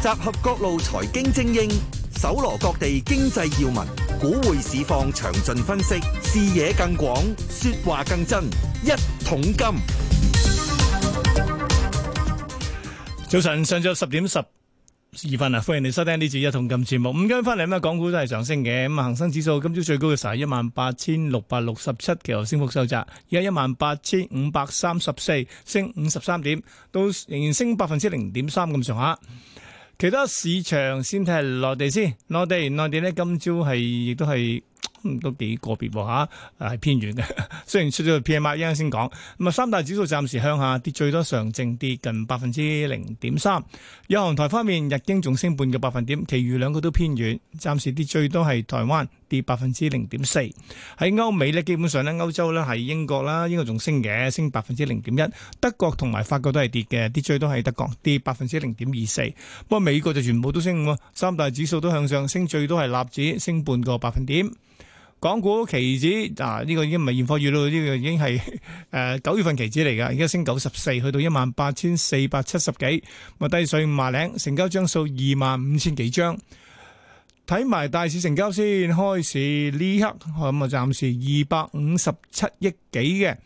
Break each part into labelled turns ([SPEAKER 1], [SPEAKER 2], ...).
[SPEAKER 1] 集合各路財經精英，搜羅各
[SPEAKER 2] 地經濟要聞，股匯市況詳盡分析，視野更廣，說話更真。一桶金，早晨，上晝十點十二分啊！歡迎你收聽呢次一桶金節目。五日翻嚟，咩港股都係上升嘅。咁啊，恒生指數今朝最高嘅時候一萬八千六百六十七，其後升幅收窄，而家一萬八千五百三十四，升五十三點，都仍然升百分之零點三咁上下。其他市場先睇下內地先，內地內地呢，今朝係亦都係都幾個別喎、啊、嚇，係、啊、偏遠嘅。雖然出咗個 PMI，一陣先講，咁啊三大指數暫時向下跌最多，上證，跌近百分之零點三，日韓台方面，日經仲升半個百分點，其餘兩個都偏遠，暫時跌最多係台灣。跌百分之零點四，喺歐美咧，基本上咧，歐洲咧係英國啦，英國仲升嘅，升百分之零點一，德國同埋法國都係跌嘅，跌最多係德國，跌百分之零點二四。不過美國就全部都升喎，三大指數都向上，升最多係納指，升半個百分點。港股期指嗱，呢個已經唔係現貨月咯，呢個已經係誒九月份期指嚟噶，而家升九十四，去到一萬八千四百七十幾，咪低水五十零，成交張數二萬五千幾張。睇埋大市成交先，開市呢刻咁啊，暫時二百五十七億幾嘅。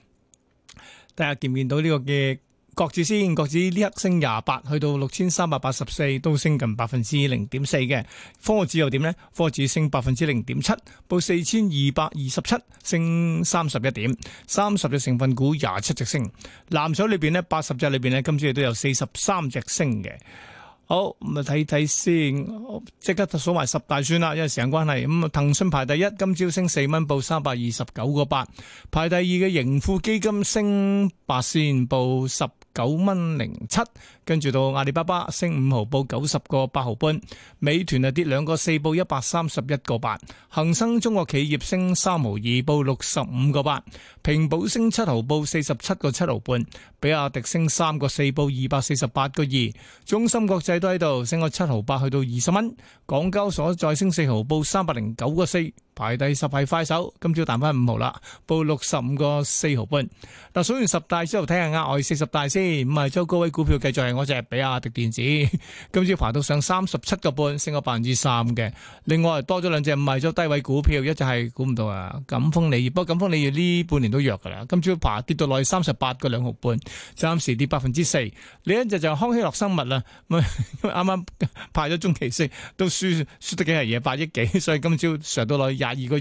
[SPEAKER 2] 大家見唔見到呢個嘅國指先？國指呢刻升廿八，去到六千三百八十四，都升近百分之零點四嘅。科指又點呢？科指升百分之零點七，報四千二百二十七，升三十一點。三十隻成分股廿七隻升，藍籌裏邊呢八十隻裏邊呢，今次亦都有四十三隻升嘅。好，咁啊睇睇先看看，即刻數埋十大算啦，因為時間關係。咁啊，騰訊排第一，今朝升四蚊，報三百二十九個八。排第二嘅盈富基金升八仙，報十。九蚊零七，跟住到阿里巴巴升五毫，報九十個八毫半。美團啊，跌兩個四，報一百三十一個八。恒生中國企業升三毫二，報六十五個八。平保升七毫，報四十七個七毫半。比亞迪升三個四，報二百四十八個二。中芯國際都喺度升個七毫八，去到二十蚊。港交所再升四毫，報三百零九個四。排第十係快手，今朝彈翻五毫啦，報六十五個四毫半。嗱、啊，數完十大之後，睇下啊外四十大先。五位走高位股票繼續係我隻，比亞迪電子，今朝爬到上三十七個半，升咗百分之三嘅。另外多咗兩隻五位走低位股票，一隻係估唔到啊，錦豐鋰業。不過錦豐鋰業呢半年都弱噶啦今朝爬跌到落去三十八個兩毫半，暫時跌百分之四。另一隻就係康希諾生物啦，咁啱啱排咗中期息，都輸輸得幾係嘢，八億幾，所以今朝上到落廿二個二，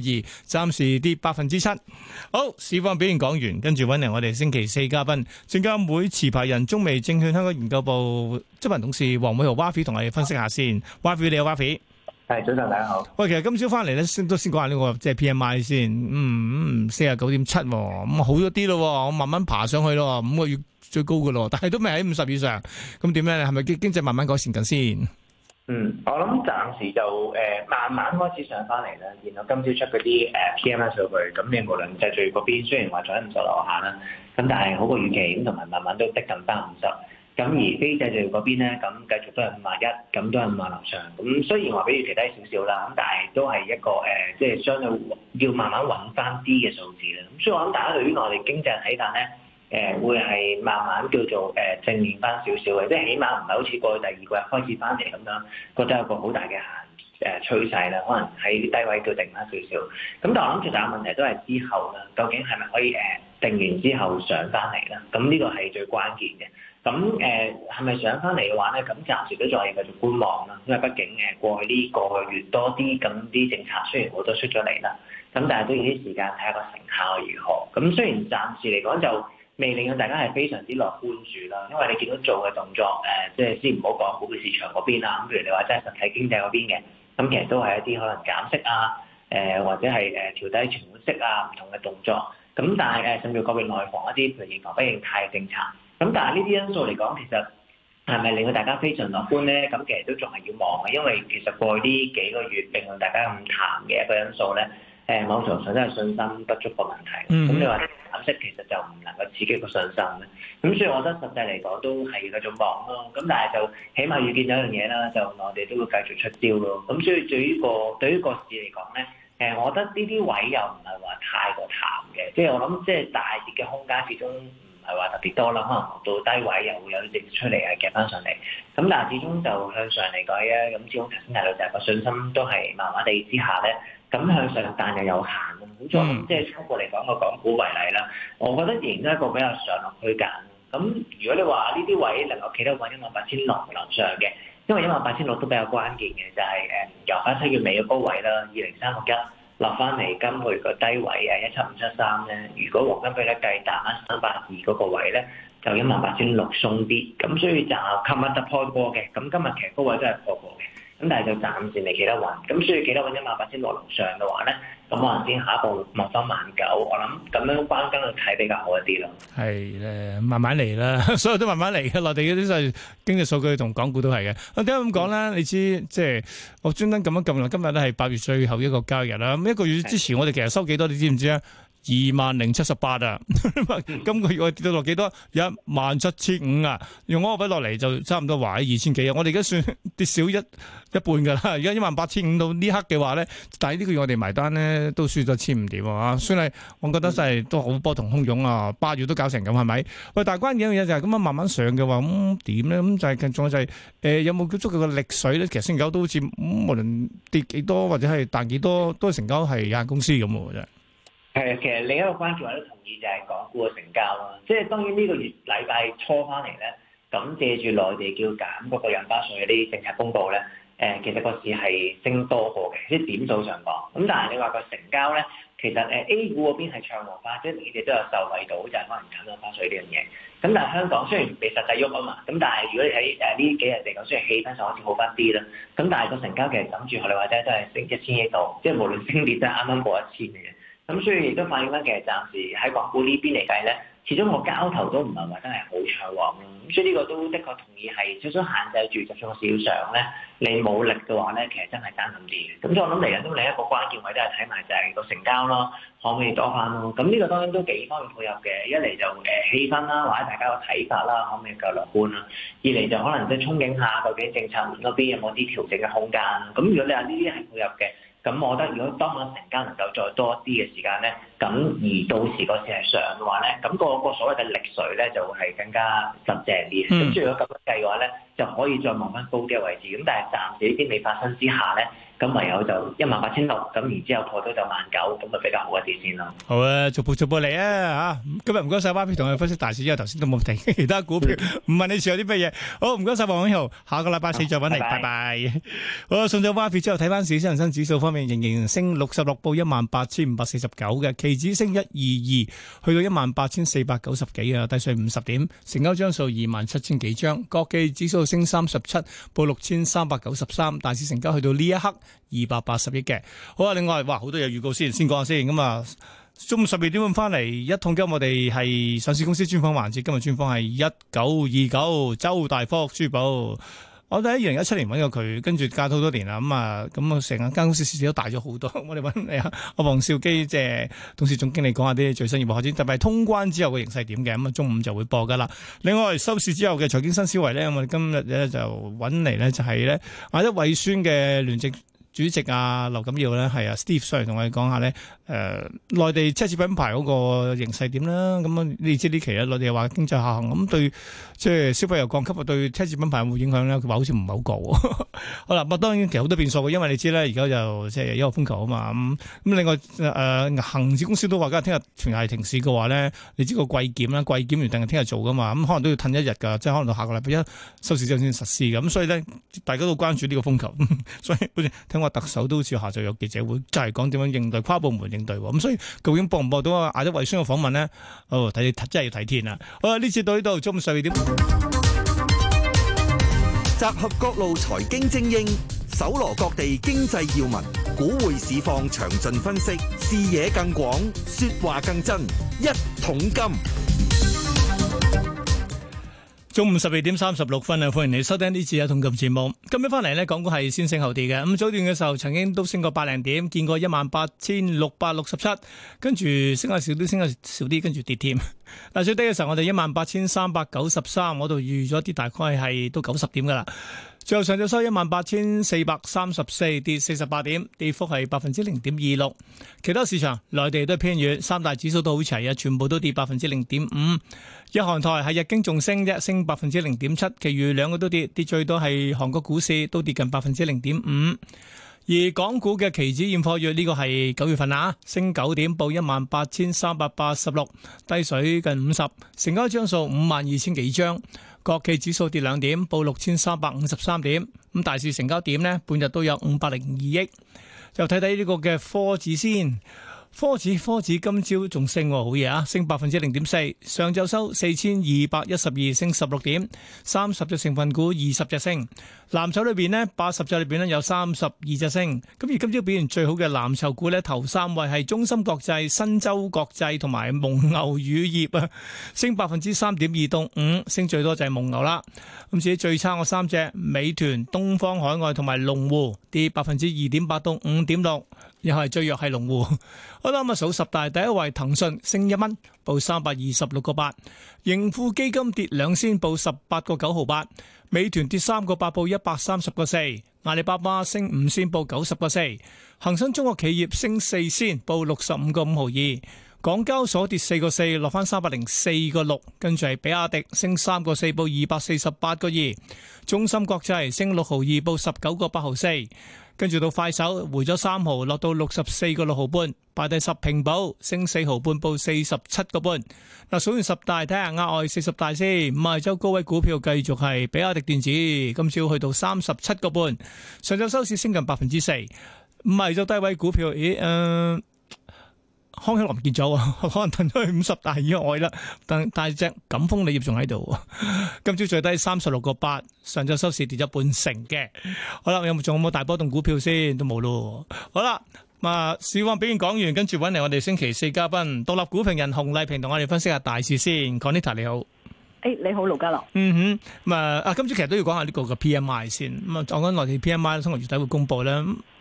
[SPEAKER 2] 暫時跌百分之七。好，市況表現講完，跟住揾嚟我哋星期四嘉賓，證監會持牌人中美證券香港研究部執行董事黃偉豪 Wafi 同我哋分析下先。好 w a f i 你好 w a f i 係早上大家好。喂，其實今朝翻嚟咧，先都先講下呢、這個即係、就是、P M I 先。嗯，四啊九點七，咁、哦、好咗啲咯。我慢慢爬上去咯，五個月最高噶咯，但係都未喺五十以上。咁點樣？係咪經濟慢慢改善緊先？
[SPEAKER 3] 嗯，我諗暫時就誒、呃、慢慢開始上翻嚟啦。然後今朝出嗰啲誒 PMI 數據，咁你無論製造業嗰邊雖然話仲喺五十樓下啦，咁但係好過預期，咁同埋慢慢都逼近翻五十。咁而非製造業嗰邊咧，咁繼續都係五十一，咁都係五十樓上。咁雖然話比預期低少少啦，咁但係都係一個誒、呃，即係相對要慢慢揾翻啲嘅數字啦。咁所以我諗大家對於內地經濟睇法咧，誒、嗯、會係慢慢叫做誒、呃、正面翻少少嘅，即係起碼唔係好似過去第二季開始翻嚟咁樣，覺得有個好大嘅限誒趨勢啦。可能喺低位叫定翻少少，咁但係我諗最大嘅問題都係之後啦，究竟係咪可以誒定完之後上翻嚟啦？咁呢個係最關鍵嘅。咁誒係咪上翻嚟嘅話咧？咁暫時都仲係繼續觀望啦，因為畢竟誒過去呢個月多啲，咁啲政策雖然好多出咗嚟啦，咁但係都要啲時間睇下個成效如何。咁雖然暫時嚟講就未令到大家係非常之樂觀住啦，因為你見到做嘅動作，誒、呃，即係先唔好講股票市場嗰邊啦，咁譬如你話真係實體經濟嗰邊嘅，咁、嗯、其實都係一啲可能減息啊，誒、呃，或者係誒調低存款息啊，唔同嘅動作，咁、嗯、但係誒甚至乎個別內房一啲譬如房不應貸政策，咁、嗯、但係呢啲因素嚟講，其實係咪令到大家非常樂觀咧？咁、嗯、其實都仲係要望嘅，因為其實過去呢幾個月，並唔係大家咁淡嘅一個因素咧。誒，某程度上都係信心不足個問題。咁你話減息其實就唔能夠刺激個信心咧。咁所以，我覺得實際嚟講都係嗰種望咯。咁但係就起碼要見到一樣嘢啦，就我哋都會繼續出招咯。咁所以對，對於個對於個市嚟講咧，誒、欸，我覺得呢啲位又唔係話太過淡嘅。即係我諗，即係大跌嘅空間始終唔係話特別多啦。可能落到低位又會有啲嘢出嚟啊，夾翻上嚟。咁但係始終就向上嚟講咧，咁始終強酸大老就係個信心都係麻麻地之下咧。咁向上彈又有限，冇錯。即係初步嚟講，個港股為例啦，我覺得仍然都係一個比較上落區間。咁如果你話呢啲位能夠企得穩一萬八千六以上嘅，因為一萬八千六都比較關鍵嘅，就係、是、誒、嗯、由翻七月尾嘅高位啦，二零三六一落翻嚟今個月嘅低位啊，一七五七三咧。如果黃金比率計達一三八二嗰個位咧，就一萬八千六鬆啲。咁所以就琴日突破過嘅，咁今日其實高位都係破過嘅。咁但係就暫時未幾多運，咁需要幾多運啲馬八千落樓上嘅話咧，咁話先下一步落翻萬九，我諗咁樣翻跟頭睇比較好一啲咯。
[SPEAKER 2] 係誒，慢慢嚟啦，所有都慢慢嚟嘅。內地嗰啲就經濟數據同港股都係嘅。點解咁講啦，你知即係我專登咁樣撳啦。今日咧係八月最後一個交易日啦，咁一個月之前我哋其實收幾多，你知唔知啊？二萬零七十八啊！ 今個月我跌到落幾多？一萬七千五啊！用我個筆落嚟就差唔多話係二千幾啊！我哋而家算跌少一一半噶啦，而家一萬八千五到刻呢刻嘅話咧，但呢個月我哋埋單咧都輸咗千五點啊！算係，我覺得真係都好波同洶湧啊！八月都搞成咁係咪？喂，但係關鍵樣嘢就係咁啊，慢慢上嘅話咁點咧？咁、嗯嗯、就係更重就係、是、誒、呃，有冇足夠嘅力水咧？其實星期九都好似、嗯、無論跌幾多或者係彈幾多，都成交係有限公司咁嘅
[SPEAKER 3] 係，其實另一個關鍵位都同意，就係港股嘅成交啦。即係當然呢個月禮拜初翻嚟咧，咁借住內地叫減嗰個印花稅嗰啲政策公告咧。誒、呃，其實個市係升多過嘅，即點數上講。咁但係你話個成交咧，其實誒 A 股嗰邊係暢和化，即係你哋都有受惠到，就係、是、可能減咗印花稅呢樣嘢。咁但係香港雖然未實際喐啊嘛，咁但係如果你睇呢幾日嚟講，雖然氣氛上好似好翻啲啦，咁但係個成交其實諗住我哋話齋都係升一千億度，即係無論升跌都係啱啱過一千嘅。咁所以亦都反映翻，其實暫時喺港股呢邊嚟計咧，始終個交投都唔係話真係好暢旺咯。咁所以呢個都的確同意係，就算限制住就算我少上咧，你冇力嘅話咧，其實真係爭咁啲。咁所以我諗嚟緊都另一個關鍵位都係睇埋就係個成交咯，可唔可以多翻咯？咁呢個當然都幾方面配合嘅，一嚟就誒氣氛啦，或者大家個睇法啦，可唔可以夠樂觀啦？二嚟就可能即係憧憬下究竟政策嗰邊有冇啲調整嘅空間？咁如果你話呢啲係配合嘅。咁我覺得，如果當晚成交能夠再多啲嘅時間咧，咁而到時個市係上嘅話咧，咁、那個個所謂嘅力水咧，就會係更加實淨啲。咁、嗯、如果咁樣計嘅話咧，就可以再望翻高啲嘅位置。咁但係暫時呢啲未發生之下咧。咁唯有就
[SPEAKER 2] 一萬八千六，咁然之後破咗就萬九，咁咪比較好一啲先咯。好啊，逐步逐步嚟啊嚇！今日唔該曬巴菲特同佢分析大市，因為頭先都冇停其他股票，唔問你仲有啲乜嘢。好，唔該曬黃偉豪，下個禮拜四再揾你，拜拜。好啊，送咗巴菲特之後，睇翻市，恆生指數方面仍然升六十六，報一萬八千五百四十九嘅，期指升一二二，去到一萬八千四百九十幾啊，低水五十點，成交張數二萬七千幾張，國企指數升三十七，報六千三百九十三，大市成交去到呢一刻。二百八十億嘅，好啊！另外，哇，好多有預告先，先講下先。咁、嗯、啊，中午十二點半翻嚟，一桶金我哋係上市公司專訪環節，今日專訪係一九二九周大福珠寶。我哋喺二零一七年揾過佢，跟住加咗好多年啦。咁、嗯、啊，咁、嗯、啊，成間公司市值都大咗好多。嗯、我哋揾你啊，阿黃紹基即係、呃、董事總經理講下啲最新業務發展，特別係通關之後嘅形勢點嘅。咁、嗯、啊，中午就會播噶啦。另外，收市之後嘅財經新思維咧，我、嗯、哋今日咧就揾嚟咧就係咧買一胃宣嘅聯席。主席啊，劉錦耀咧係啊，Steve 想嚟同我哋講下咧，誒、呃、內地奢侈品牌嗰個形勢點啦。咁、嗯、你知呢期咧內地話經濟下行，咁、嗯、對即係消費又降級啊，對奢侈品牌有冇影響咧？佢話好似唔係好講。 好啦，不過當然其實好多變數嘅，因為你知咧而家就即係一個風球啊嘛。咁、嗯、咁另外誒恆指公司都話，今日聽日全日停市嘅話咧，你知個季檢啦，季檢原定係聽日做噶嘛。咁、嗯、可能都要褪一日㗎，即係可能到下個禮拜一收市之後先實施嘅。咁、嗯、所以咧，大家都關注呢個風球。 所以好似特首都好似下晝有記者會，就係講點樣應對跨部門應對，咁所以究竟報唔報到亞洲衛生嘅訪問呢？哦，睇真係要睇天啦。好啦，呢次到呢度，中午十二點，集合各路財經精英，搜羅各地經濟要聞，股匯市況詳盡分析，視野更廣，說話更真，一桶金。中午十二點三十六分啊，歡迎你收聽呢次嘅《一桶金節目》，今。今日翻嚟咧，港股係先升後跌嘅。咁早段嘅時候，曾經都升過百零點，見過一萬八千六百六十七，跟住升下少啲，升下少啲，跟住跌添。但最低嘅時候，我哋一萬八千三百九十三，我度預咗啲大概係都九十點噶啦。最後上晝收一萬八千四百三十四，跌四十八點，跌幅係百分之零點二六。其他市場內地都偏軟，三大指數都好齊啊，全部都跌百分之零點五。日韓台係日經仲升一升百分之零點七，其餘兩個都跌，跌最多係韓國股市都跌近百分之零點五。而港股嘅期指現貨月呢個係九月份啊，升九點，報一萬八千三百八十六，低水近五十，成交張數五萬二千幾張。國企指數跌兩點，報六千三百五十三點。咁大市成交點呢，半日都有五百零二億。就睇睇呢個嘅科指先。科指科指今朝仲升啊，好嘢啊！升百分之零點四，上晝收四千二百一十二，升十六點，三十隻成分股二十隻升。藍籌裏邊呢，八十隻裏邊呢，有三十二隻升。咁而今朝表現最好嘅藍籌股呢，頭三位係中芯國際、新洲國際同埋蒙牛乳業啊，升百分之三點二到五，5, 升最多就係蒙牛啦。咁至於最差嘅三隻，美團、東方海外同埋龍湖跌百分之二點八到五點六。又係最弱係龍湖。好啦，咁啊數十大，第一位騰訊升一蚊，報三百二十六個八。盈富基金跌兩仙，報十八個九毫八。美團跌三個八，報一百三十個四。阿里巴巴升五仙，報九十個四。恒生中國企業升四仙，報六十五個五毫二。港交所跌四個四，落翻，三百零四個六，跟住係比亞迪升三個四，報二百四十八個二。中芯國際升六毫二，報十九個八毫四。跟住到快手回咗三毫，落到六十四個六毫半，排第十平保，升四毫半，報四十七個半。嗱，數完十大，睇下額外四十大先。五日周高位股票繼續係比亞迪電子，今朝去到三十七個半，上晝收市升近百分之四。五日周低位股票，咦，誒、呃。康希隆跌咗，可能褪咗去五十大以外啦。但但隻錦豐理業仲喺度，今朝最低三十六個八，上晝收市跌咗半成嘅。好啦，有冇仲有冇大波動股票先？都冇咯。好啦，啊，市況表現講完，跟住揾嚟我哋星期四嘉賓多立股評人洪麗萍同我哋分析下大事先。Corinna 你好。
[SPEAKER 4] 誒、哎，你
[SPEAKER 2] 好，盧家樂。嗯哼，咁啊，啊今朝其實都要講下呢個嘅 P M I 先。咁、嗯、啊，講緊內地 P M I 咧，通常月底會公布咧。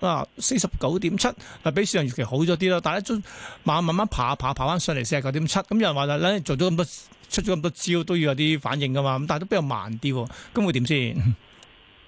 [SPEAKER 2] 啊，四十九點七，啊比市場預期好咗啲咯。但係一樽慢慢慢爬，爬爬翻上嚟四十九點七。咁有人話就咧做咗咁多出咗咁多招，都要有啲反應噶嘛。咁但係都比較慢啲，咁、嗯、會點先？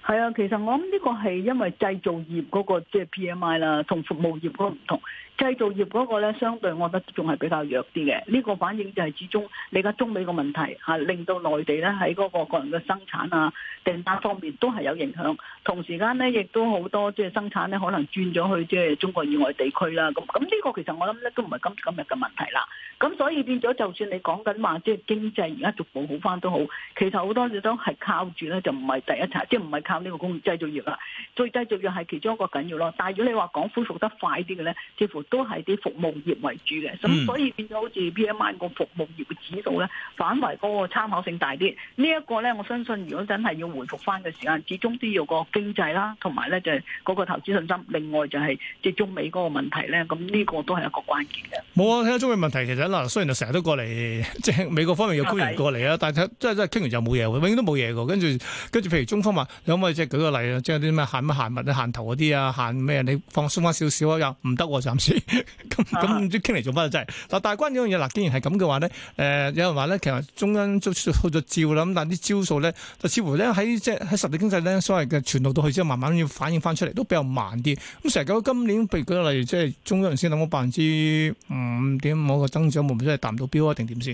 [SPEAKER 4] 係啊，其實我諗呢個係因為製造業嗰、那個即係、就是、P M I 啦，同服務業嗰個唔同。製造業嗰個咧，相對我覺得仲係比較弱啲嘅。呢、這個反應就係始終你家中美個問題嚇、啊，令到內地咧喺嗰個個人嘅生產啊、訂單方面都係有影響。同時間咧，亦都好多即係生產咧，可能轉咗去即係中國以外地區啦。咁咁呢個其實我諗都唔係今今日嘅問題啦。咁所以變咗，就算你講緊話即係經濟而家逐步好返都好，其實好多嘢都係靠住咧，就唔係第一層，即係唔係靠呢個工業製造業啦。所以製造業係其中一個緊要咯。但係如果你話講恢復得快啲嘅咧，似乎都係啲服務業為主嘅，咁所以變咗好似 PMI 個服務業嘅指數咧，反為嗰個參考性大啲。呢一個咧，我相信如果真係要回復翻嘅時間，始終都要個經濟啦，同埋咧就係嗰個投資信心。另外就係即係中美嗰個問題咧，咁呢個都係一個關鍵
[SPEAKER 2] 嘅。冇啊，睇下中美問題其實嗱，雖然就成日都過嚟，即係美國方面有官員過嚟啊，但係睇即係即係傾完就冇嘢，永遠都冇嘢嘅。跟住跟住，譬如中方話，你可唔可以即係舉個例啊？即係啲咩限乜限物啊、限頭嗰啲啊、限咩？你放鬆翻少少啊，又唔得喎，暫時。咁咁唔知傾嚟做乜真係嗱，大 關呢樣嘢嗱，既然係咁嘅話咧，誒、呃、有人話咧，其實中央都出好多招啦，咁但係啲招數咧，就似乎咧喺即係喺實體經濟咧，所謂嘅傳導到去之後，慢慢要反映翻出嚟，都比較慢啲。咁成個今年譬如舉例，即係中央先諗百分之五點五個增長目標，真係達唔到標啊？定點先？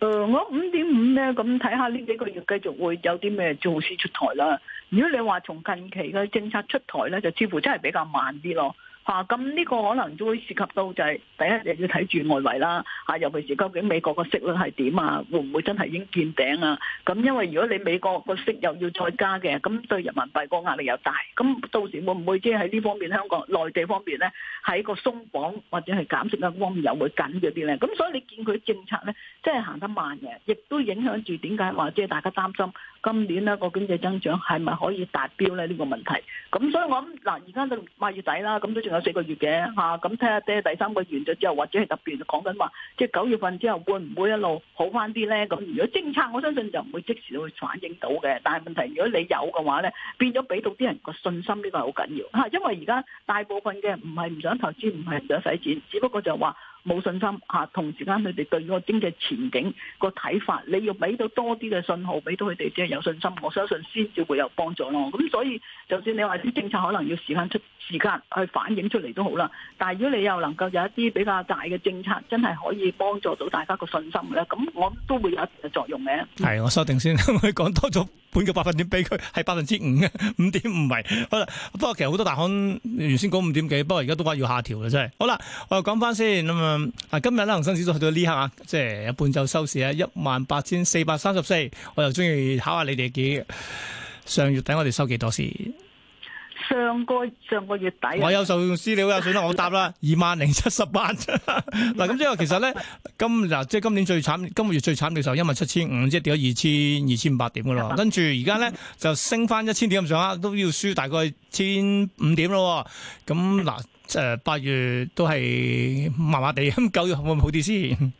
[SPEAKER 4] 誒，我五點五咧，咁睇下呢幾個月繼續會有啲咩措施出台啦。如果你話從近期嘅政策出台咧，就似乎真係比較慢啲咯。嚇，咁呢個可能都會涉及到就係第一，就要睇住外圍啦，嚇，尤其係究竟美國個息率係點啊，會唔會真係已經見頂啊？咁因為如果你美國個息又要再加嘅，咁對人民幣個壓力又大，咁到時會唔會即係喺呢方面香港內地方面咧，喺個鬆綁或者係減息嘅方面又會緊咗啲咧？咁所以你見佢政策咧，即係行得慢嘅，亦都影響住點解話，即係大家擔心。今年呢個經濟增長係咪可以達標咧？呢個問題咁，所以我諗嗱，而家到八月底啦，咁都仲有四個月嘅嚇，咁睇下爹第三個月完咗之後，或者係特別講緊話，即係九月份之後會唔會一路好翻啲咧？咁如果政策，我相信就唔會即時會反映到嘅。但係問題，如果你有嘅話咧，變咗俾到啲人個信心，呢個係好緊要嚇。因為而家大部分嘅唔係唔想投資，唔係唔想使錢，只不過就話。冇信心嚇，同時間佢哋對個經濟前景個睇法，你要俾到多啲嘅信號，俾到佢哋先係有信心。我相信先至會有幫助咯。咁所以，就算你話啲政策可能要時間出時間去反映出嚟都好啦。但係如果你又能夠有一啲比較大嘅政策，真係可以幫助到大家個信心咧，咁我都會有一定嘅作用嘅。
[SPEAKER 2] 係，我收定先，我 講多咗半個百分點俾佢，係百分之五嘅五點五圍。好啦，不過其實好多大行原先講五點幾，不過而家都話要下調啦，真係。好啦，我講翻先咁啊。嗱、嗯，今日啦恒生指數去到呢刻啊，即係半晝收市啊，一萬八千四百三十四。我又中意考下你哋幾個，上月底我哋收幾多先？上個上個月底、啊，我有做資料有算啦， 我答啦，二萬零七十八。嗱，咁之後其實咧，今嗱即係今年最慘，今個月最慘，嘅時候吧，一萬七千五，即係跌咗二千二千五百點噶啦。跟住而家咧就升翻一千點咁上下，都要輸大概千五點咯。咁嗱。即係八月都係麻麻地，咁九月會唔會好啲先？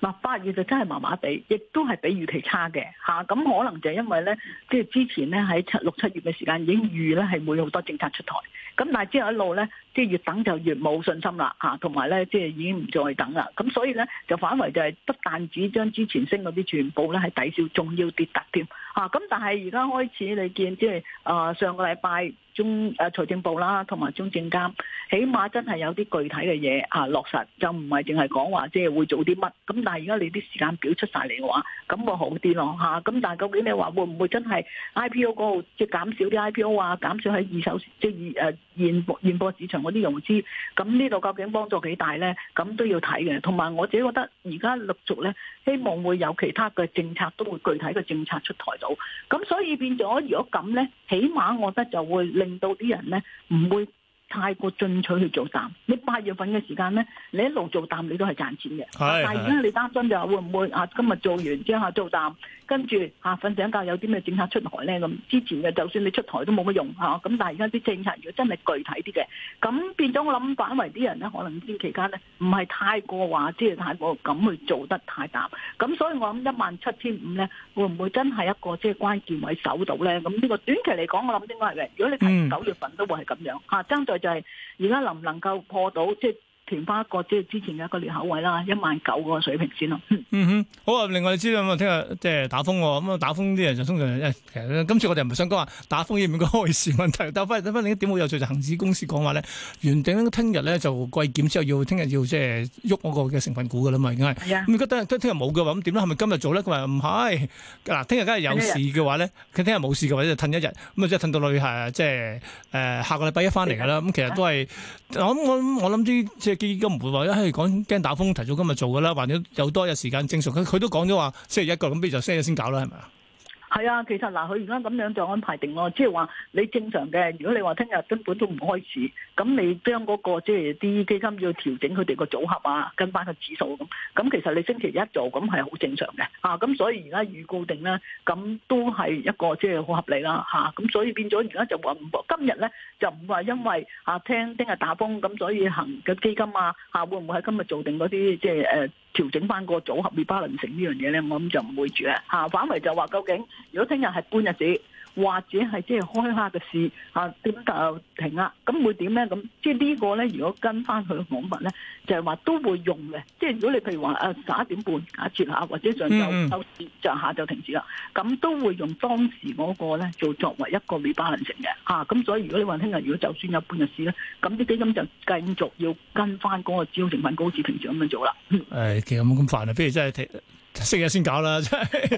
[SPEAKER 4] 嗱， 八月就真係麻麻地，亦都係比預期差嘅吓。咁、啊、可能就係因為咧，即係之前咧喺七六七月嘅時間已經預咧係會好多政策出台。咁但係之後一路咧，即係越等就越冇信心啦，嚇，同埋咧即係已經唔再等啦。咁所以咧就反為就係不但止將之前升嗰啲全部咧係抵消，仲要跌突添嚇。咁但係而家開始你見即係啊上個禮拜中啊財政部啦，同埋中證監，起碼真係有啲具體嘅嘢啊落實，就唔係淨係講話即係會做啲乜。咁但係而家你啲時間表出曬嚟嘅話，咁咪好啲咯嚇。咁但係究竟你話會唔會真係 IPO 嗰度即係減少啲 IPO 啊，減少喺二手即係二誒？現現貨市場嗰啲融資，咁呢度究竟幫助幾大呢？咁都要睇嘅。同埋我自己覺得，而家陸續呢，希望會有其他嘅政策，都會具體嘅政策出台到。咁所以變咗，如果咁呢，起碼我覺得就會令到啲人呢唔會太過進取去做淡，你八月份嘅時間咧，你一路做淡你都係賺錢嘅。是是是，但係而家你擔心就話會唔會啊？今日做完之後做淡，跟住啊瞓醒覺有啲咩政策出台咧咁？之前嘅就算你出台都冇乜用嚇。咁、啊、但係而家啲政策如果真係具體啲嘅，咁變咗我諗反為啲人咧，可能呢期間咧唔係太過話，即係太過咁去做得太淡。咁所以我諗一萬七千五咧，會唔會真係一個即係關鍵位守到咧？咁呢個短期嚟講，我諗應該係嘅。如果你睇九月份都會係咁樣嚇、啊，爭在。就係而家能唔能夠破到，即係。填翻一
[SPEAKER 2] 個即係之前嘅一個裂口位啦，一萬九個水平先咯。嗯哼，好啊！另外你知道咁、呃、啊，聽日即係打風喎，咁啊打風啲人就通常其實今次我哋唔想講啊，打風唔面嘅開市問題。但係翻嚟睇翻另一點好有趣，就係、恆指公司講話咧，原定聽日咧就季檢之後要聽日要即係喐嗰個嘅成分股噶啦嘛，已經係。係啊的。咁如果聽日聽日冇嘅話，咁點咧？係咪今日做咧？佢話唔係。嗱，聽日梗係有事嘅話咧，佢聽日冇事嘅話就褪一日，咁啊即係褪到落去誒，即係誒下個禮拜一翻嚟㗎啦。咁其實都係、嗯呃，我諗我我諗啲即係。應該唔會話，一係，講驚打風提早今日做噶啦，或者有多一日時間正常。佢都講咗話，星期一過咁，你就星期一先搞啦，係咪啊？
[SPEAKER 4] 係啊，其實嗱，佢而家咁樣就安排定咯，即係話你正常嘅，如果你話聽日根本都唔開始，咁你將嗰個即係啲基金要調整佢哋個組合啊，跟翻個指數咁，咁其實你星期一做咁係好正常嘅啊，咁所以而家預告定咧，咁都係一個即係好合理啦嚇，咁所以變咗而家就話，今日咧就唔話因為啊聽聽日打風咁，所以行嘅基金啊嚇會唔會喺今日做定嗰啲即係誒？就是呃調整翻個組合嘅平衡性呢樣嘢咧，我諗就唔會住啦吓、啊，反為就話究竟如果聽日係半日子？或者係即係開下嘅市嚇點、啊、就停啊？咁會點咧？咁即係呢個咧？如果跟翻佢嘅講法咧，就係、是、話都會用嘅。即係如果你譬如話誒十一點半解絕下，或者上晝收市就下就停止啦。咁都會用當時嗰個咧就作為一個尾巴能 l 嘅嚇。咁、啊、所以如果你話聽日如果就算有半日市咧，咁啲基金就繼續要跟翻嗰個主要成分高好似平常咁樣做啦。
[SPEAKER 2] 誒、嗯，其實冇咁煩啊，不如真係停。食嘢先搞啦，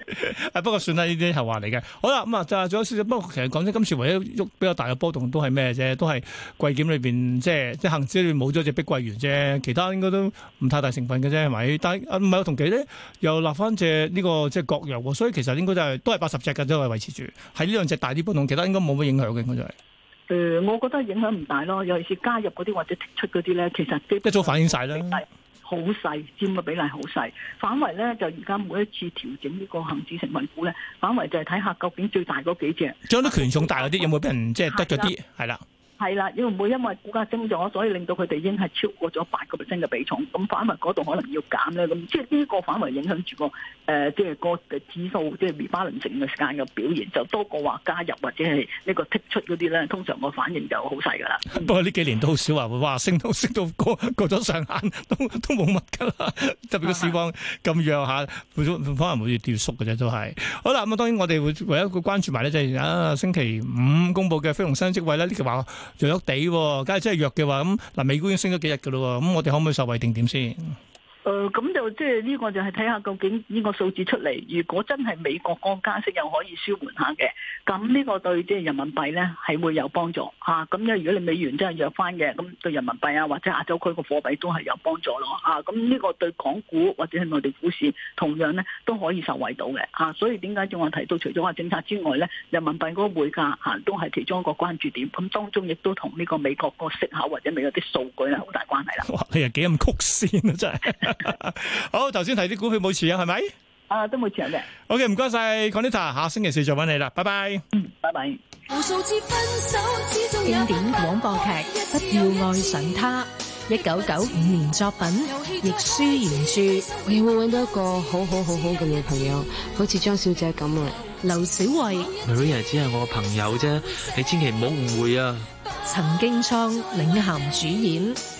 [SPEAKER 2] 不過算啦，呢啲係話嚟嘅好啦，咁啊，就仲有少少。不過其實講真，今次唯一喐比較大嘅波動都係咩啫？都係季檢裏邊，即係即係恒指裏邊冇咗隻碧桂園啫。其他應該都唔太大成分嘅啫，係咪？但係唔係，啊、同期咧又立翻隻呢個即係、就是、國藥、喔，所以其實應該就係、是、都係八十隻嘅，都係維持住，喺呢兩隻大啲波動，其他應該冇乜影響嘅，應該就係、是。誒、呃，我
[SPEAKER 4] 覺得影響唔大咯。尤其是加入嗰啲或者剔出嗰啲咧，其實即係一早反映晒啦。好細佔嘅比例好細，反而咧就而家每一次調整呢個恆指成分股咧，反而就係睇下究竟最大嗰幾隻，
[SPEAKER 2] 將啲權重大嗰啲有冇俾人即係得咗啲，係啦。
[SPEAKER 4] 係啦，會唔會因為股價升咗，所以令到佢哋已經係超過咗八個 percent 嘅比重？咁反而嗰度可能要減咧。咁即係呢個反而影響住個誒，即係個嘅指數，即係 rebalancing 嘅時間嘅表現，就多過話加入或者係呢個剔出嗰啲咧。通常個反應就好細㗎啦。
[SPEAKER 2] 不過呢幾年都好少話，哇！升到升到過過咗上限，都都冇乜㗎啦。特別個市況咁弱嚇，唔方唔方，係會掉縮㗎啫。都係好啦。咁啊，當然我哋會為一個關注埋咧，就係而家星期五公布嘅非農新職位咧，呢句話。弱咗啲喎，假如真係弱嘅話，咁嗱，美股已經升咗幾日㗎咯喎，咁我哋可唔可以受惠定點先？
[SPEAKER 4] 誒，咁、呃、就即係呢個就係睇下究竟呢個數字出嚟，如果真係美國嗰個加息又可以舒緩下嘅，咁呢個對即係人民幣咧係會有幫助啊。咁因為如果你美元真係弱翻嘅，咁對人民幣啊或者亞洲區個貨幣都係有幫助咯啊。咁、啊、呢、這個對港股或者係內地股市同樣咧都可以受惠到嘅啊。所以點解正話提到除咗話政策之外咧，人民幣嗰個匯價啊都係其中一個關注點。咁、啊、當中亦都同呢個美國個息口或者美國有啲
[SPEAKER 2] 數據係好大關係啦。哇，你又幾咁曲線啊，真係！ 好，頭先提啲股票冇錢啊，係咪？啊，都冇錢嘅。O K，唔該晒，Conita，下星期四再揾你啦，拜拜。嗯，
[SPEAKER 5] 拜拜。無數次分手之中，經典廣播劇《不要愛上他》，一九九五年作品，亦舒原著。你會揾到一個好好好好嘅女朋友，好似張小姐咁啊？劉小慧
[SPEAKER 1] ，Maria 只係我朋友啫，你千祈唔好誤會啊。
[SPEAKER 5] 陳經昌領銜主演。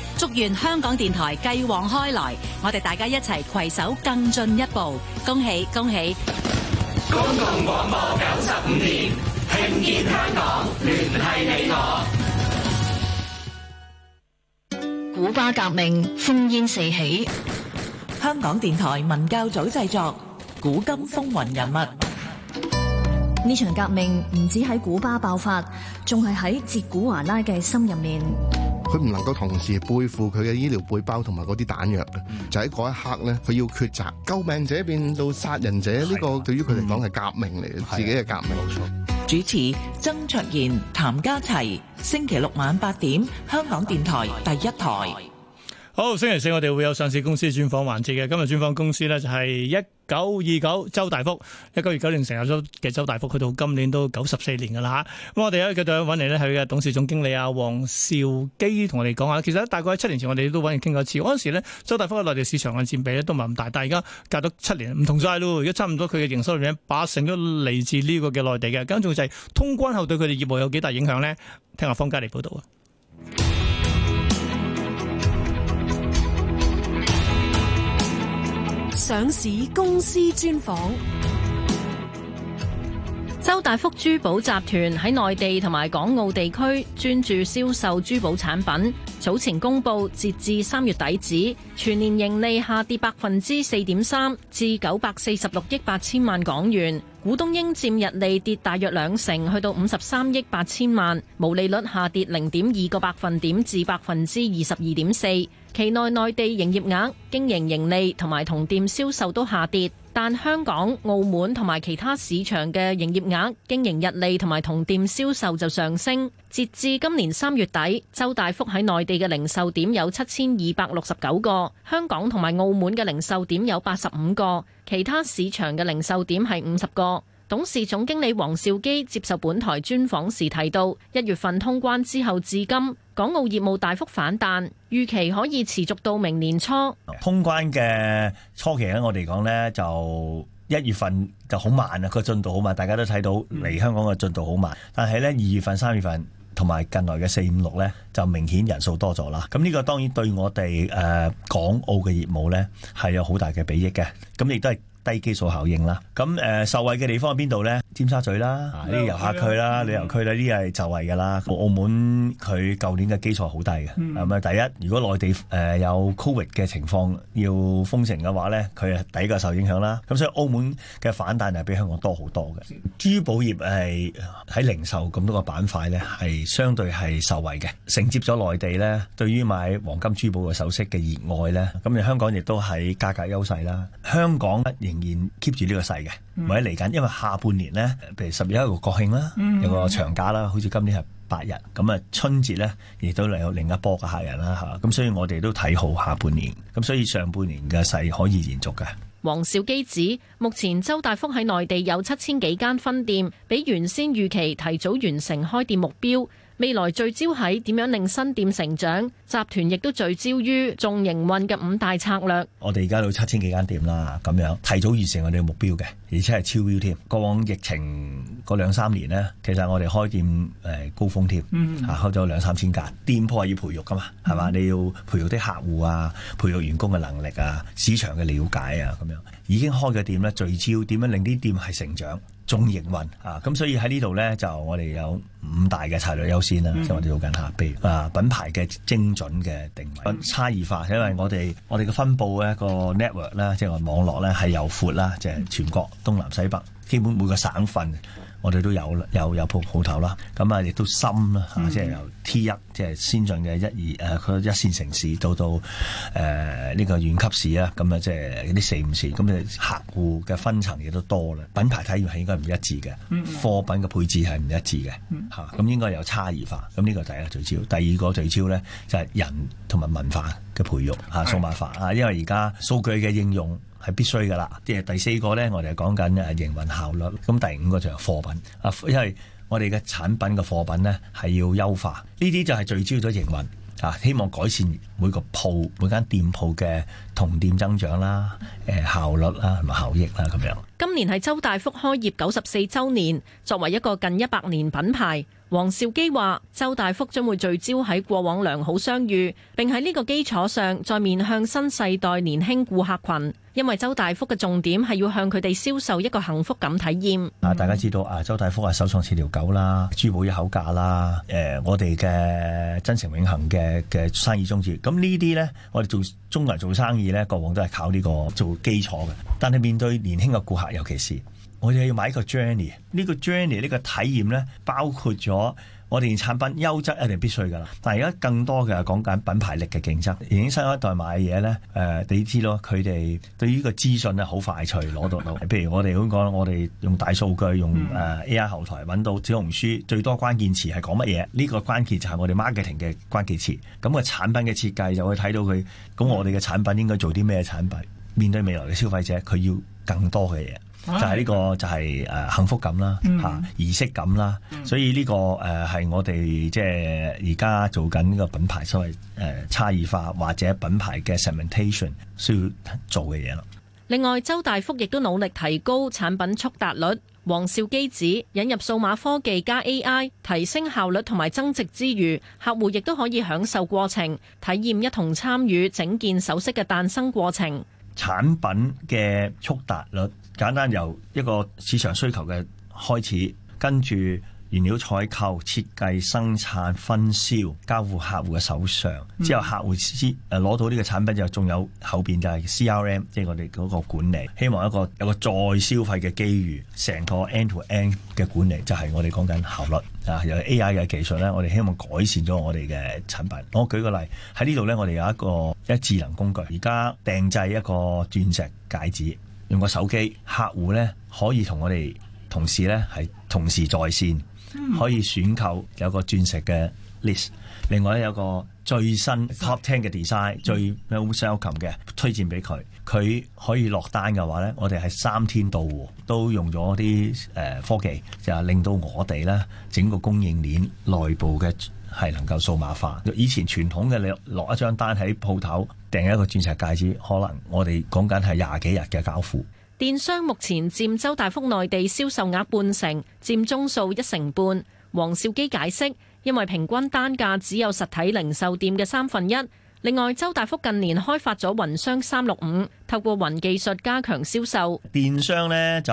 [SPEAKER 5] 祝願香港電台繼往開來，我哋大家一齊攜手，更進一步。恭喜恭喜，
[SPEAKER 2] 公共廣播九
[SPEAKER 5] 十五年。聽見香港，聯繫你我。
[SPEAKER 3] 古巴革命烽煙四起，香港電台文教組製作，古今風雲人物。
[SPEAKER 5] 呢場革命唔止喺古巴爆發，仲係喺哲古華拉嘅心入面
[SPEAKER 2] 佢唔能夠同時背負佢嘅醫療背包同埋嗰啲彈藥嘅，嗯、就喺嗰一刻咧，佢要抉擇，救命者變到殺人者，呢、嗯、個對於佢嚟講係革命嚟嘅，自己嘅革命。
[SPEAKER 3] 冇錯。主持曾卓然、譚嘉齊，星期六晚八點，香港電台第一台。
[SPEAKER 2] 好，星期四我哋會有上市公司專訪環節嘅，今日專訪公司咧就係一九二九周大福，一九二九年成立咗嘅周大福，去到今年都九十四年噶啦吓。咁、嗯、我哋咧繼續揾嚟呢，佢嘅董事總經理阿黃兆基同我哋講下，其實大概喺七年前我哋都揾佢傾過一次。嗰陣時咧，周大福嘅內地市場嘅佔比咧都唔係咁大，但係而家隔咗七年唔同晒咯。而家差唔多，佢嘅營收裏面八成都嚟自呢個嘅內地嘅。咁仲就係通關後對佢哋業務有幾大影響呢？聽下方家利報道啊。
[SPEAKER 5] 上市公司專訪。周大福珠寶集團喺內地同埋港澳地區專注銷售珠寶產品，早前公布截至三月底止，全年盈利下跌百分之四點三，至九百四十六億八千萬港元，股東應佔溢利跌大約兩成，去到五十三億八千萬，毛利率下跌零點二個百分點至百分之二十二點四，期內內地營業額、經營盈利同埋同店銷售都下跌。但香港、澳門同埋其他市場嘅營業額、經營日利同埋同店銷售就上升。截至今年三月底，周大福喺內地嘅零售點有七千二百六十九個，香港同埋澳門嘅零售點有八十五個，其他市場嘅零售點係五十個。董事總經理黃兆基接受本台專訪時提到，一月份通關之後至今，港澳業務大幅反彈，預期可以持續到明年初。
[SPEAKER 1] 通關嘅初期咧，我哋講呢就一月份就好慢啊，個進度好慢，大家都睇到嚟香港嘅進度好慢。但係呢，二月份、三月份同埋近來嘅四五六呢，就明顯人數多咗啦。咁呢個當然對我哋誒、呃、港澳嘅業務呢，係有好大嘅裨益嘅。咁亦都係。低基數效應啦，咁誒、呃、受惠嘅地方喺邊度咧？尖沙咀啦，呢啲、啊、遊客區啦、旅遊區啦，呢啲係就係噶啦。澳門佢舊年嘅基礎好低嘅，咁咪、嗯嗯、第一，如果內地誒、呃、有 Covid 嘅情況要封城嘅話咧，佢第一個受影響啦。咁所以澳門嘅反彈係比香港多好多嘅。的珠寶業係喺零售咁多個板塊咧，係相對係受惠嘅，承接咗內地咧對於買黃金珠寶嘅首飾嘅熱愛咧，咁你香港亦都係價格優勢啦，香港。仍然 keep 住呢個勢嘅，或者嚟緊，因為下半年呢，譬如十月一號國慶啦，有個長假啦，好似今年係八日，咁啊春節呢，亦都嚟有另一波嘅客人啦吓，咁所以我哋都睇好下半年，咁所以上半年嘅勢可以延續嘅。
[SPEAKER 5] 黃少基指，目前周大福喺內地有七千幾間分店，比原先預期提早完成開店目標。未來聚焦喺點樣令新店成長，集團亦都聚焦於重營運嘅五大策略。
[SPEAKER 1] 我哋而家有七千幾間店啦，咁樣提早完成我哋嘅目標嘅，而且係超標添。過往疫情嗰兩三年呢，其實我哋開店誒、呃、高峰添、嗯啊，開咗兩三千間店鋪係要培育噶嘛，係嘛？你要培育啲客戶啊，培育員工嘅能力啊，市場嘅了解啊，咁樣。已經開嘅店咧，聚焦點樣令啲店係成長。重營運啊，咁所以喺呢度咧就我哋有五大嘅策略優先啦，嗯、即係我哋做緊吓，譬如啊品牌嘅精準嘅定位、嗯、差異化，因為我哋我哋嘅分佈咧個 network 啦，即係話網絡咧係又闊啦，就係、是、全國東南西北，基本每個省份。我哋都有，有，有啦，有有鋪鋪頭啦，咁啊，亦都深啦，即係由 T 一，即係先進嘅一二誒，佢、呃、一線城市到到誒呢、呃這個縣級市啦。咁啊，即係啲四五線，咁你客戶嘅分層亦都多啦，品牌體驗係應該唔一致嘅，貨品嘅配置係唔一致嘅，嚇、啊、咁、啊、應該有差異化，咁呢個第一個聚焦，第二個聚焦咧就係、是、人同埋文化嘅培育嚇、啊、數碼化啊，因為而家數據嘅應用。係必須噶啦，即係第四個咧，我哋係講緊營運效率。咁第五個就係貨品，啊，因為我哋嘅產品嘅貨品咧係要優化，呢啲就係聚焦咗營運，啊，希望改善。每個鋪每間店鋪嘅同店增長啦，效率啦，同埋效益啦咁樣。
[SPEAKER 5] 今年係周大福開業九十四週年，作為一個近一百年品牌，黃兆基話：周大福將會聚焦喺過往良好商譽，並喺呢個基礎上再面向新世代年輕顧客群。因為周大福嘅重點係要向佢哋銷售一個幸福感體驗。
[SPEAKER 1] 嗯、大家知道啊，周大福啊，首創四條九啦，珠寶一口價啦，誒、呃，我哋嘅真誠永恆嘅嘅生意宗旨。咁呢啲呢，我哋做中國人做生意呢，過往都係靠呢個做基礎嘅。但係面對年輕嘅顧客，尤其是。我哋要買一個 journey，呢個 journey 呢個體驗咧，包括咗我哋產品優質一定必須噶啦。但係而家更多嘅講緊品牌力嘅競爭。年輕新一代買嘢呢，誒、呃、你知咯，佢哋對呢個資訊咧好快脆攞到。譬如我哋點講，我哋用大數據，用誒 AI 後台揾到小紅書最多關鍵詞係講乜嘢？呢、呢個關鍵就係我哋 marketing 嘅關鍵詞。咁個產品嘅設計就會睇到佢。咁我哋嘅產品應該做啲咩產品？面對未來嘅消費者，佢要更多嘅嘢。就係呢個就係誒幸福感啦，吓、嗯、儀式感啦，所以呢個誒係我哋即係而家做緊呢個品牌，所謂誒差異化或者品牌嘅 segmentation 需要做嘅嘢咯。
[SPEAKER 5] 另外，周大福亦都努力提高產品速達率。黃紹基指引入數碼科技加 AI，提升效率同埋增值之餘，客戶亦都可以享受過程體驗一同參與整件首飾嘅誕生過程。
[SPEAKER 1] 產品嘅觸達率，簡單由一個市場需求嘅開始，跟住原料採購、設計、生產、分銷、交付客戶嘅手上，之後客戶先誒攞到呢個產品，就仲有後邊就係 CRM，即係我哋嗰個管理，希望一個有一個再消費嘅機遇，成個 end to end 嘅管理就係、是、我哋講緊效率。啊！由 A. I. 嘅技術咧，我哋希望改善咗我哋嘅產品。我舉個例喺呢度咧，我哋有一個一智能工具，而家訂製一個鑽石戒指，用個手機，客戶咧可以同我哋同事咧係同時在線，可以選購有個鑽石嘅 list，另外咧有個最新 top ten 嘅 design 最最 welcome 嘅推薦俾佢。佢可以落單嘅話呢，我哋係三天到戶，都用咗啲誒科技，就係令到我哋呢整個供應鏈內部嘅係能夠數碼化。以前傳統嘅，你落一張單喺鋪頭訂一個鑽石戒指，可能我哋講緊係廿幾日嘅交付。
[SPEAKER 5] 電商目前佔周大福內地銷售額半成，佔中數一成半。黃紹基解釋，因為平均單價只有實體零售店嘅三分一。另外，周大福近年開發咗雲商三六五，透過雲技術加強銷售。
[SPEAKER 1] 電商咧就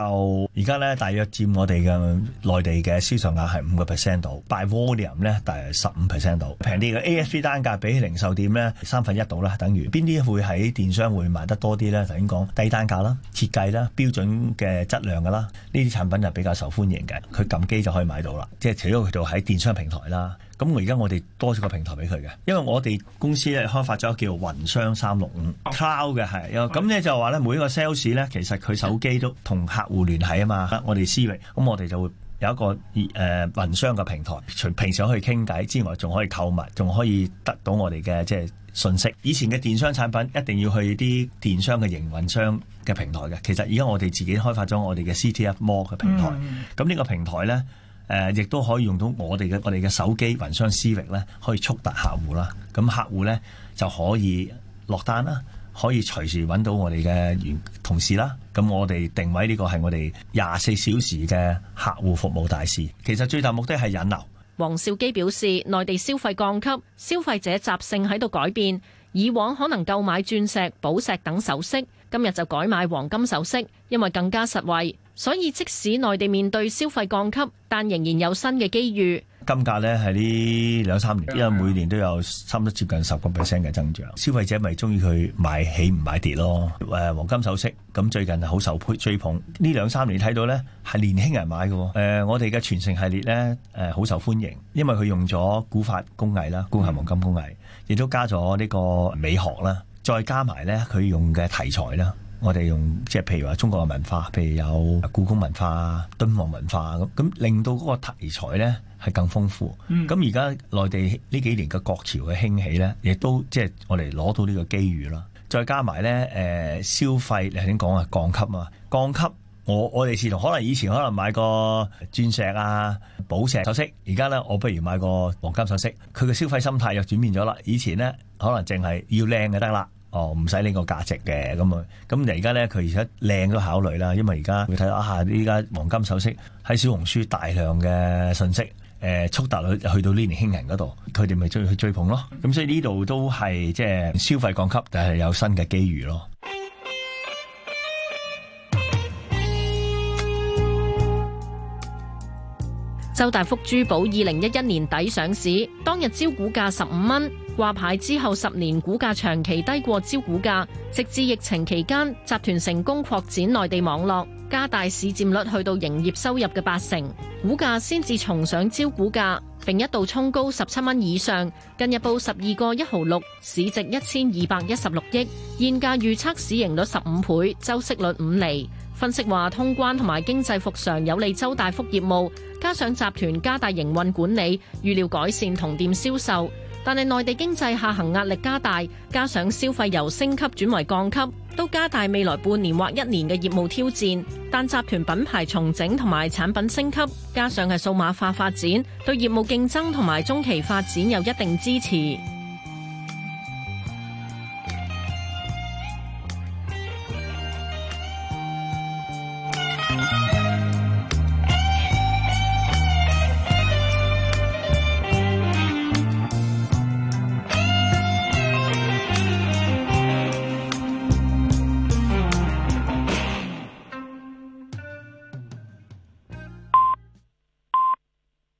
[SPEAKER 1] 而家咧大約佔我哋嘅內地嘅銷售額係五個 percent 度，by volume 咧大約十五 percent 度，平啲嘅 ASP 單價比起零售店咧三分一度啦，等於邊啲會喺電商會賣得多啲咧？頭先講低單價啦、設計啦、標準嘅質量㗎啦，呢啲產品就比較受歡迎嘅，佢撳機就可以買到啦，即係除咗佢度喺電商平台啦。咁我而家我哋多咗個平台俾佢嘅，因為我哋公司咧開發咗叫雲商三六五 cloud 嘅係，咁咧就話咧每一個 sales 咧，其實佢手機都同客戶聯繫啊嘛。我哋思域，咁我哋就會有一個誒、呃、雲商嘅平台，除平常可以傾偈之外，仲可以購物，仲可以得到我哋嘅即係信息。以前嘅電商產品一定要去啲電商嘅營運商嘅平台嘅，其實而家我哋自己開發咗我哋嘅 CTF more 嘅平台。咁呢、mm. 個平台咧。誒，亦都可以用到我哋嘅我哋嘅手機雲商私域咧，可以觸達客戶啦。咁客戶咧就可以落單啦，可以隨時揾到我哋嘅員同事啦。咁我哋定位呢個係我哋廿四小時嘅客戶服務大使。其實最大目的係引流。
[SPEAKER 5] 黃兆基表示，內地消費降級，消費者習性喺度改變，以往可能購買鑽石、寶石等首飾，今日就改買黃金首飾，因為更加實惠。所以即使內地面對消費降級，但仍然有新嘅機遇。
[SPEAKER 1] 金價呢係呢兩三年，因為每年都有差唔多接近十個 percent 嘅增長。消費者咪中意佢買起唔買跌咯？誒、呃，黃金首飾咁最近好受追捧，呢兩三年睇到呢係年輕人買嘅。誒、呃，我哋嘅傳承系列呢誒好、呃、受歡迎，因為佢用咗古法工藝啦，古法黃金工藝，亦都加咗呢個美學啦，再加埋呢佢用嘅題材啦。我哋用即係譬如話中國嘅文化，譬如有故宮文化、敦煌文化咁，咁令到嗰個題材咧係更豐富。咁而家內地呢幾年嘅國潮嘅興起咧，亦都即係我哋攞到呢個機遇啦。再加埋咧誒消費，你頭先講啊？降級啊！降級，我我哋試圖可能以前可能買個鑽石啊、寶石首飾，而家咧我不如買個黃金首飾。佢嘅消費心態又轉變咗啦。以前咧可能淨係要靚就得啦。哦，唔使呢個價值嘅咁啊，咁而家呢，佢而家靚都考慮啦，因為而家你睇到啊，依家黃金首飾喺小紅書大量嘅信息，誒、呃、速達去到呢年輕人嗰度，佢哋咪追去追捧咯，咁、嗯、所以呢度都係即係消費降級，就係有新嘅機遇咯。
[SPEAKER 5] 周大福珠寶二零一一年底上市，當日招股價十五蚊，掛牌之後十年股價長期低過招股價，直至疫情期間，集團成功擴展內地網絡，加大市佔率去到營業收入嘅八成，股價先至重上招股價，並一度衝高十七蚊以上，近日報十二個一毫六，市值一千二百一十六億，現價預測市盈率十五倍，周息率五厘。分析話，通關同埋經濟復常有利周大福業務，加上集團加大營運管理，預料改善同店銷售。但係內地經濟下行壓力加大，加上消費由升級轉為降級，都加大未來半年或一年嘅業務挑戰。但集團品牌重整同埋產品升級，加上係數碼化發展，對業務競爭同埋中期發展有一定支持。